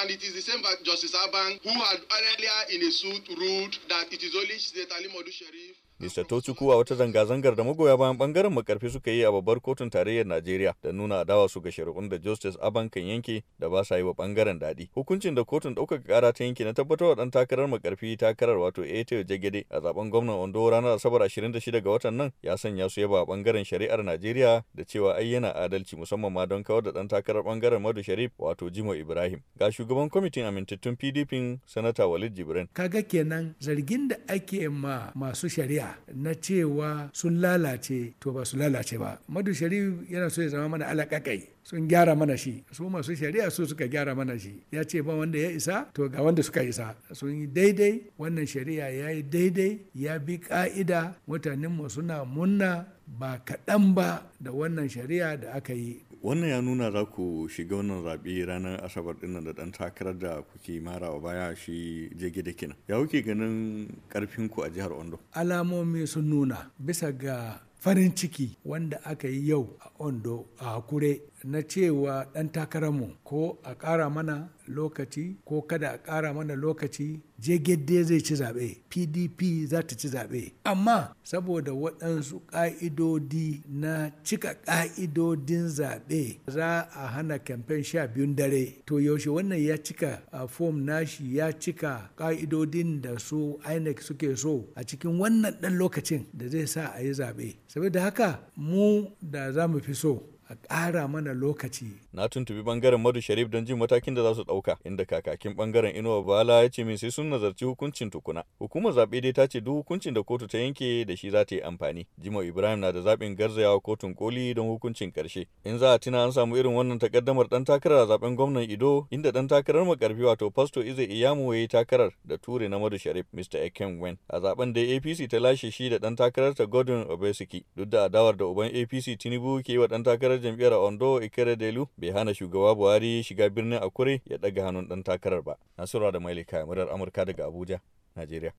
and it is the same Justice Abang who had earlier in a suit ruled that it is only Shetali Modu Sherif Mr. Tochukwu a wata zanga-zangar da magoya bayan bangaren makarfi suka yi a babbar kotun tarayyar Najeriya da nuna adawa su ga shari'un da Justice Aban kan yanke da ba sa yi wa bangaren daɗi. Hukuncin da kotun ɗaukaka ƙara ta yanke na tabbatar wa ɗan takarar makarfi takarar wato Eto Jagede a zaben gwamnan Ondo ranar Asabar 26 ga watan nan ya sanya su yaba bangaren shari'ar Najeriya da cewa ai yana adalci musamman ma don kawar da ɗan takarar bangaren Madu Sharif wato Jimo Ibrahim. Ga shugaban kwamitin amintattun PDP Sanata Walid Jibrin. Kaga kenan zargin da ake ma masu shari'a na cewa sun lalace to ba su lalace ba madu sharif yana so ya zama mana alaƙaƙai sun gyara mana shi su masu shari'a su suka gyara mana shi ya ce ba wanda ya isa to ga wanda suka isa sun yi daidai wannan shari'a ya yi daidai ya bi ka'ida mutanenmu suna munna ba kaɗan ba da wannan shari'a da aka yi wannan ya nuna za ku shiga wannan zaɓe ranar asabar ɗinnan da ɗan takarar da kuke mara wa baya shi jage da kina ya kuke ganin ku a jihar ondo alamomi sun nuna bisa ga farin ciki wanda aka yi yau a ondo a hakure na cewa ɗan takararmu ko a ƙara mana lokaci ko kada a ƙara mana lokaci jegede zai ci zaɓe pdp za ta ci zaɓe amma saboda waɗansu ƙa'idodi na cika ƙa'idodin zaɓe za a hana kamfen sha biyun dare to yaushe wannan ya cika a fom nashi ya cika ƙa'idodin da su inec suke so a cikin wannan ɗan lokacin da zai sa a yi zaɓe saboda haka mu da za mu fi so a ƙara mana lokaci. Na tuntubi bangaren Madu Sharif don jin matakin da za su ɗauka, inda kakakin ɓangaren Inuwa Bala ya ce min sai sun nazarci hukuncin tukuna. Hukumar zaɓe dai ta ce duk hukuncin da kotu ta yanke da shi za ta yi amfani. Jimo Ibrahim na da zaɓin garzayawa kotun koli don hukuncin ƙarshe. In za a tuna an samu irin wannan takaddamar ɗan takarar a zaɓen gwamnan Ido, inda ɗan takarar makarfi wato Pasto Ize Iyamu ya yi takarar da ture na Madu Sharif Mr. Eken Wen. A zaɓen da APC ta lashe shi da ɗan takarar ta Gordon Obesiki, duk da adawar da uban APC Tinubu ke yi wa ɗan takarar takarar jam'iyyar Ondo Delu bai hana shugaba Buhari shiga birnin Akure ya daga hannun dan takarar ba. Nasura da Mailika murar Amurka daga Abuja, Najeriya.